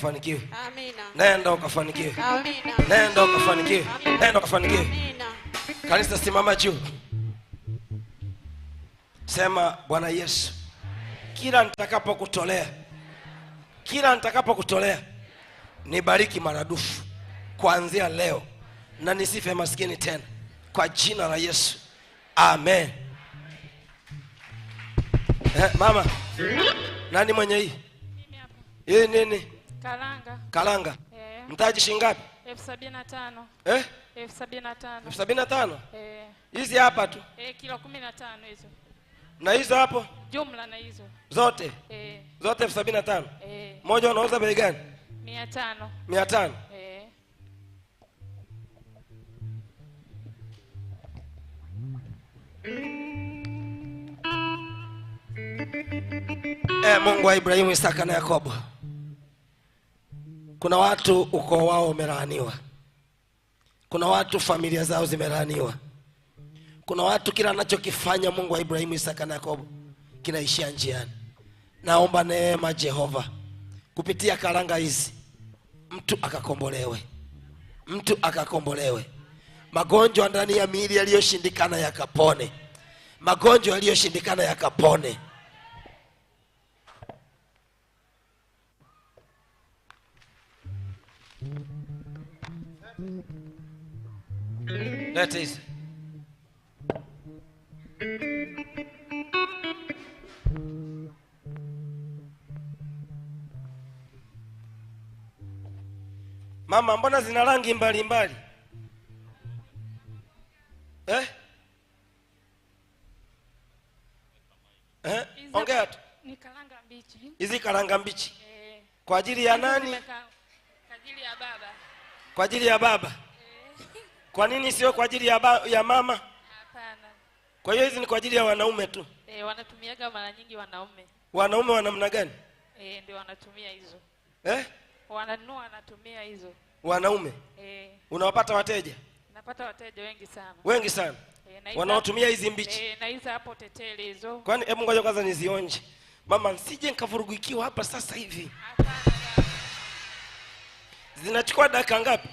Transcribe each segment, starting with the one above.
Fanikiwe. Amina. Nenda ukafanikiwe. Amina. Nenda ukafanikiwe. Nenda ukafanikiwe. Amina. Kanisa simama juu. Sema Bwana Yesu. Kila nitakapokutolea. Kila nitakapokutolea. Nibariki maradufu kuanzia leo na nisife maskini tena kwa jina la Yesu. Amen. Eh, mama. Nani mwenye hii? Hii nini? Karanga. Karanga. Yeah. Mtaji shilingi ngapi? elfu sabini na tano. Eh? elfu sabini na tano. elfu sabini na tano? Eh. Hizi hapa tu. Eh, kilo kumi na tano hizo. Na hizo hapo? Jumla na hizo. Zote? Eh. Zote elfu sabini na tano. Eh. Moja unauza bei gani? mia tano. Mia tano. Eh. Eh, Mungu wa Ibrahimu, Isaka na Yakobo kuna watu ukoo wao umelaaniwa kuna watu familia zao zimelaaniwa kuna watu kila anachokifanya mungu wa ibrahimu isaka na yakobo kinaishia njiani naomba neema jehova kupitia karanga hizi mtu akakombolewe mtu akakombolewe magonjwa ndani ya miili yaliyoshindikana yakapone magonjwa yaliyoshindikana yakapone That is. Mama, mbona zina rangi mbalimbali eh? Eh? Ongea tu. Ni karanga mbichi. Hizi karanga mbichi eh. Kwa ajili ya nani? Kwa ajili ya baba kwa ajili ya baba eh. kwa nini sio kwa ajili ya, ba, ya mama Hapana. kwa hiyo hizi ni kwa ajili ya wanaume tu e, wanatumiaga mara nyingi wanaume wanaume wa namna gani e, ndio wanatumia hizo eh? wananua wanatumia hizo wanaume e. unawapata wateja napata wateja wengi sana wengi sana e, wanaotumia hizi mbichi e, na hizo hapo tetele hizo kwani hebu ngoja kwanza nizionje mama nsije nikavurugikiwa hapa sasa hivi Hapana zinachukua dakika ngapi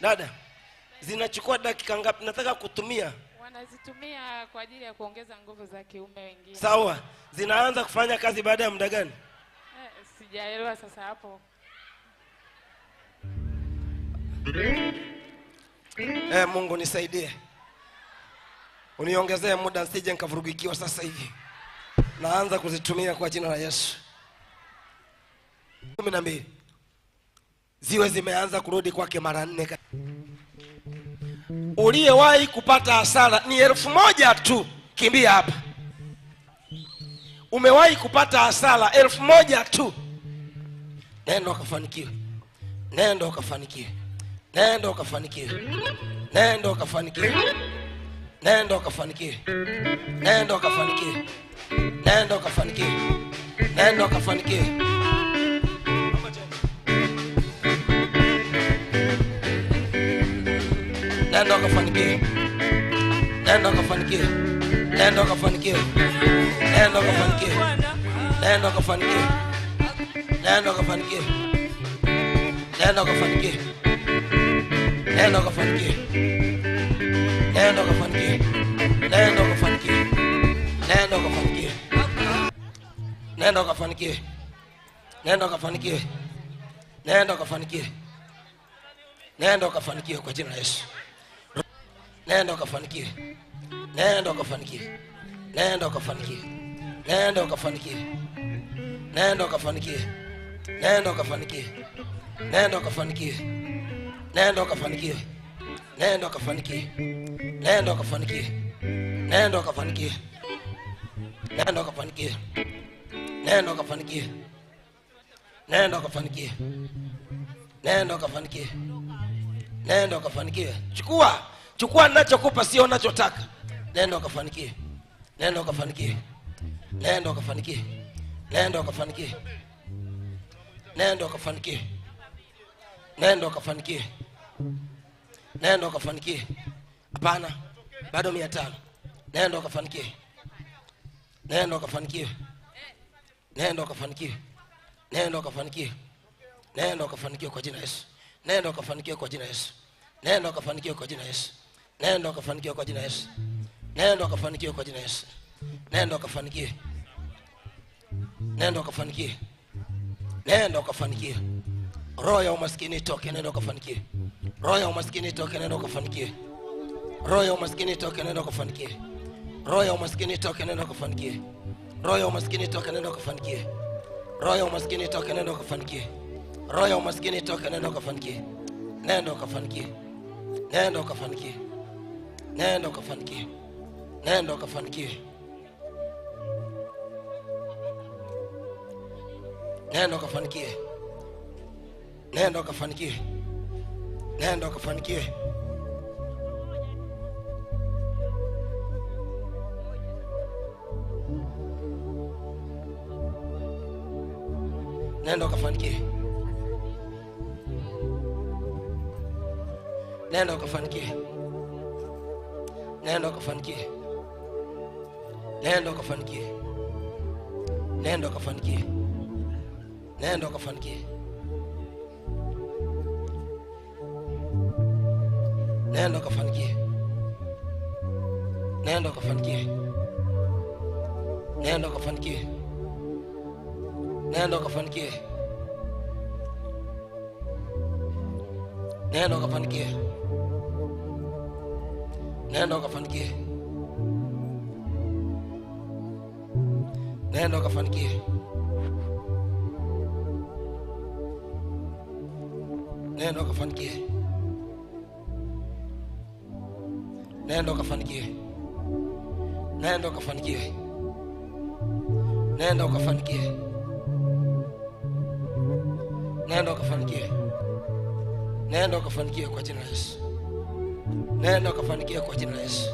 dada zinachukua dakika ngapi nataka kutumia wanazitumia kwa ajili ya kuongeza nguvu za kiume wengine sawa zinaanza kufanya kazi baada ya muda gani eh, sijaelewa sasa hapo eh, mungu nisaidie uniongezee muda nsije nikavurugikiwa sasa hivi naanza kuzitumia kwa jina la yesu kumi na mbili ziwe zimeanza kurudi kwake mara nne. Uliyewahi kupata hasara ni elfu moja tu, kimbia hapa. Umewahi kupata hasara elfu moja tu, nenda ukafanikiwe, nenda ukafanikiwe, nenda ukafanikiwe, nenda ukafanikiwe, nenda ukafanikiwe, nenda ukafanikiwe, nenda ukafanikiwe, nenda ukafanikiwe na ndo akafanikiwa, na ndo akafanikiwa, na ndo akafanikiwa, na ndo akafanikiwa, na ndo akafanikiwa, na ndo akafanikiwa, na ndo akafanikiwa, na ndo akafanikiwa, na ndo akafanikiwa, na ndo akafanikiwa, kwa jina la Yesu nenda ukafanikiwe, nenda ukafanikiwe, nenda ukafanikiwe, nenda ukafanikiwe, nenda ukafanikiwe, nenda ukafanikiwe, nenda ukafanikiwe, nenda ukafanikiwe, nenda ukafanikiwe, nenda ukafanikiwe, nenda ukafanikiwe, nenda ukafanikiwe, nenda ukafanikiwe, nenda ukafanikiwe, nenda ukafanikiwe, nenda ukafanikiwe, chukua chukua ninachokupa, sio unachotaka. Nenda ukafanikie, nenda ukafanikie, nenda ukafanikie, nenda ukafanikie, nenda ukafanikie, nenda ukafanikie, nenda ukafanikie. Hapana, bado mia tano. Nenda ukafanikie, nenda ukafanikie, nenda ukafanikie, nenda ukafanikie, nenda ukafanikie kwa jina Yesu, nenda ukafanikie kwa jina Yesu, nenda ukafanikie kwa jina Yesu. Nenda ukafanikiwe kwa jina Yesu. Nenda ukafanikiwe kwa jina Yesu. Nenda ukafanikiwe. Nenda ukafanikiwe. Nenda ukafanikiwe. Roho ya umaskini itoke, nenda ukafanikiwe. Roho ya umaskini itoke, nenda ukafanikiwe. Roho ya umaskini itoke, nenda ukafanikiwe. Roho ya umaskini itoke, nenda ukafanikiwe. Roho ya umaskini itoke, nenda ukafanikiwe. Roho ya umaskini itoke, nenda ukafanikiwe. Roho ya umaskini itoke, nenda ukafanikiwe. Nenda ukafanikiwe. Nenda ukafanikiwe. Nenda ukafanikiwe, nenda ukafanikiwe, nenda ukafanikiwe, nenda ukafanikiwe, nenda ukafanikiwe. nenda ukafanikie, nenda ukafanikie. nenda ukafanikie nenda ukafanikie nenda ukafanikie nenda ukafanikie nenda ukafanikie nenda ukafanikie nenda ukafanikie nenda ukafanikie nenda ukafanikie Nenda ukafanikie, nenda ukafanikie, nenda ukafanikie, nenda ukafanikie, nenda ukafanikie, nenda ukafanikie, nenda ukafanikie, nenda ukafanikie kwa jina la Yesu. Nenda ukafanikiwa kwa jina la Yesu.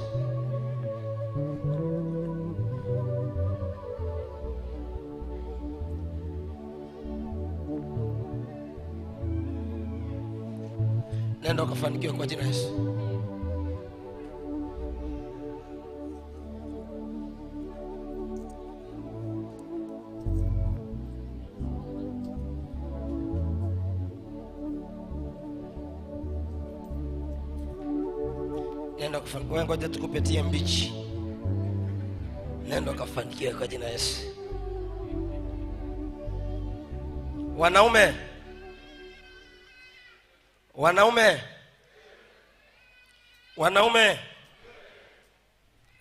Nenda ukafanikiwa kwa jina la Yesu. wewe, ngoja tukupetie mbichi, nendo kafanikiwa kwa jina Yesu. Wanaume, wanaume, wanaume,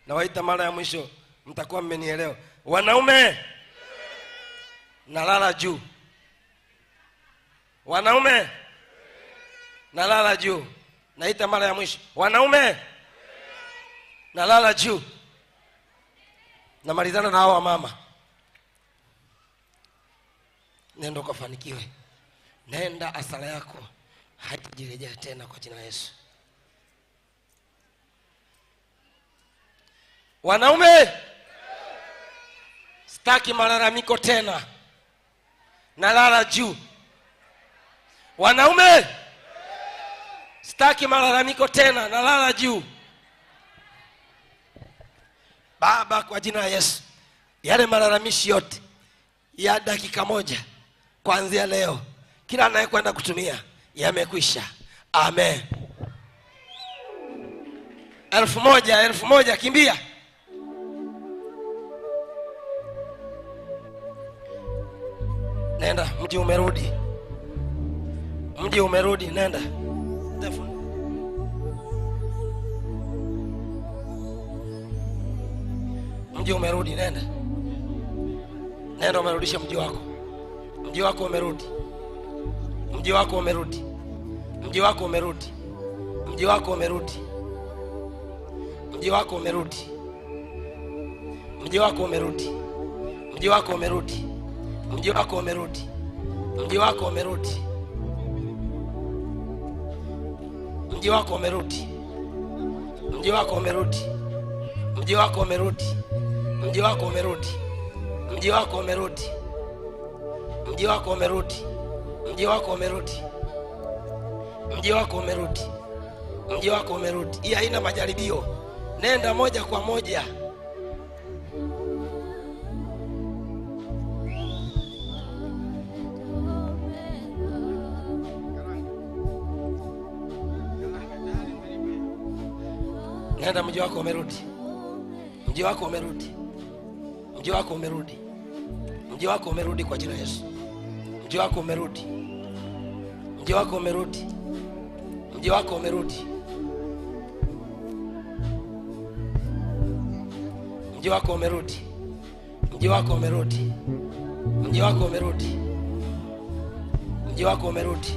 nawaita mara ya mwisho, mtakuwa mmenielewa. Wanaume, nalala juu. Wanaume, nalala juu. Naita mara ya mwisho, wanaume, wanaume nalala juu namalizana na hawa mama nenda ukafanikiwe nenda asala yako haitajirejea tena kwa jina la yesu wanaume sitaki malalamiko tena nalala juu wanaume sitaki malalamiko tena nalala juu Baba, kwa jina la Yesu, yale malalamishi yote ya dakika moja kuanzia leo, kila anayekwenda kutumia yamekwisha. Amen. Elfu moja, elfu moja, kimbia nenda, mji umerudi, mji umerudi, nenda. mji umerudi, nenda nenda, umerudisha mji wako, mji wako umerudi, mji wako umerudi, mji wako umerudi, mji wako umerudi, mji wako umerudi, mji wako umerudi, mji wako umerudi, mji wako umerudi, mji wako umerudi, mji wako umerudi, mji wako umerudi, mji wako umerudi mji wako umerudi, mji wako umerudi, mji wako umerudi, mji wako umerudi, mji wako umerudi, mji wako umerudi. Hii haina majaribio, nenda moja kwa moja. Nenda, mji wako umerudi, mji wako umerudi mji wako umerudi, mji wako umerudi kwa jina Yesu, mji wako umerudi, mji wako umerudi, mji wako umerudi, mji wako umerudi, mji wako umerudi, mji wako umerudi, mji wako umerudi,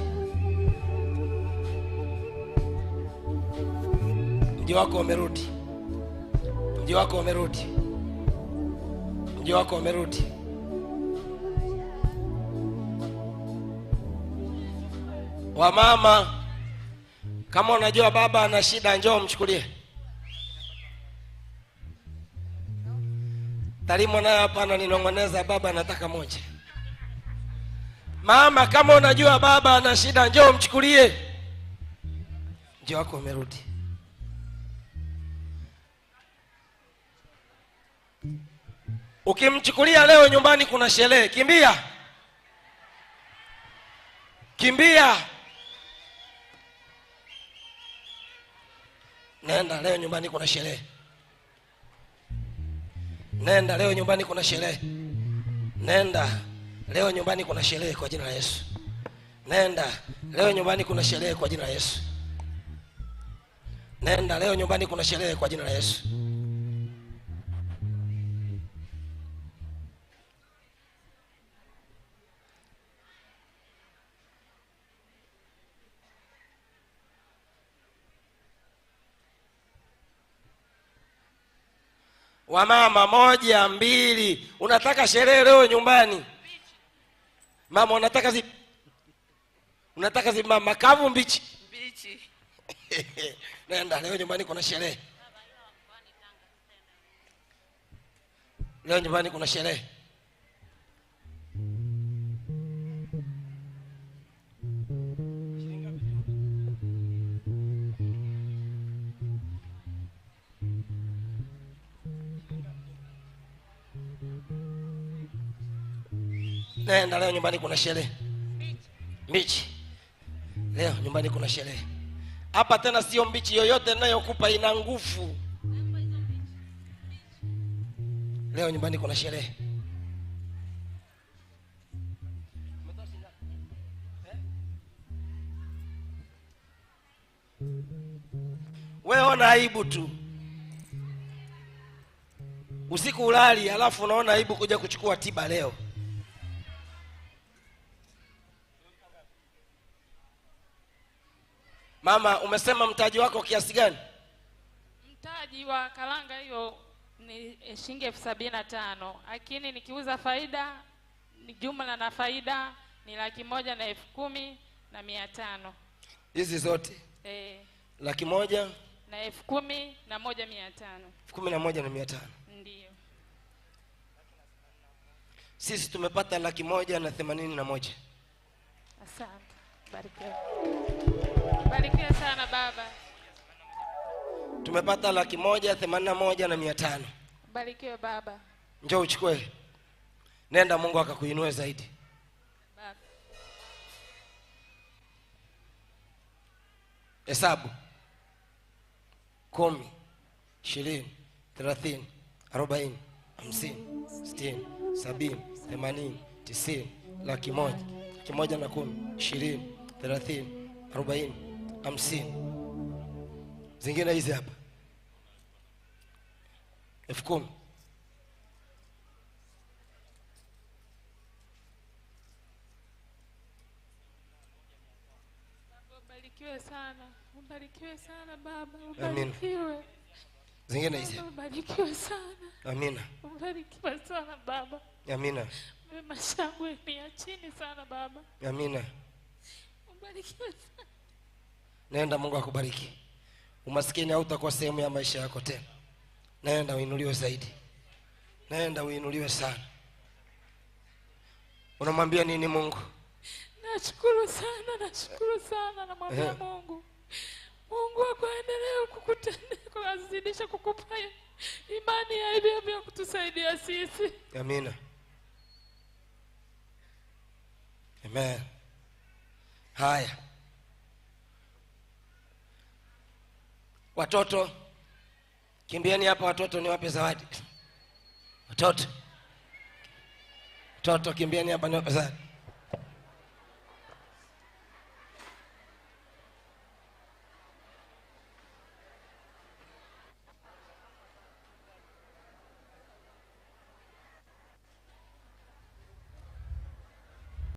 mji wako umerudi, mji wako umerudi. mji wako umerudi mji wako umerudi. Wamama, kama unajua baba ana shida, njoo mchukulie. Tarimo naye hapa ananinong'oneza, baba anataka moja. Mama, kama unajua baba ana shida, njoo mchukulie. Mji wako umerudi ukimchukulia leo nyumbani kuna sherehe kimbia kimbia nenda leo nyumbani kuna sherehe nenda leo nyumbani kuna sherehe nenda leo nyumbani kuna sherehe kwa jina la yesu nenda leo nyumbani kuna sherehe kwa jina la yesu nenda leo nyumbani kuna sherehe kwa jina la yesu Nenda, wamama moja mbili, unataka sherehe leo nyumbani, mama unataka zipi? Unataka zipi mama, kavu mbichi? Nenda leo nyumbani, kuna sherehe leo nyumbani, kuna sherehe Nenda leo nyumbani kuna sherehe mbichi leo nyumbani kuna sherehe hapa tena sio mbichi yoyote nayokupa ina nguvu leo nyumbani kuna sherehe Wewe ona aibu tu usiku ulali alafu unaona aibu kuja kuchukua tiba leo mama umesema mtaji wako kiasi gani mtaji wa karanga hiyo ni eh, shilingi elfu sabini na tano lakini nikiuza faida ni jumla na faida ni laki moja na elfu kumi na mia tano hizi zote e, laki moja na elfu kumi na moja mia tano elfu kumi na moja na mia tano ndiyo sisi tumepata laki moja na themanini na moja asante barikiwa tumepata laki moja themanini na moja na mia tano barikiwe baba njoo uchukue nenda mungu akakuinue zaidi hesabu kumi ishirini thelathini arobaini hamsini sitini sabini themanini tisini laki moja laki moja na kumi ishirini thelathini arobaini hamsini zingine hizi hapa elfu kumi zingine hizi sana amina sana baba amina chini sana baba amina sana nenda mungu akubariki umaskini hautakuwa sehemu ya maisha yako tena naenda uinuliwe zaidi, naenda uinuliwe sana. Unamwambia nini Mungu? Nashukuru sana, nashukuru sana, namwambia yeah. Mungu, Mungu akuendelee kukutendea, azidisha kukupa imani ya elimu ya kutusaidia sisi. Amina, amen. Haya watoto kimbieni hapa watoto niwape zawadi watoto watoto kimbieni hapa niwape zawadi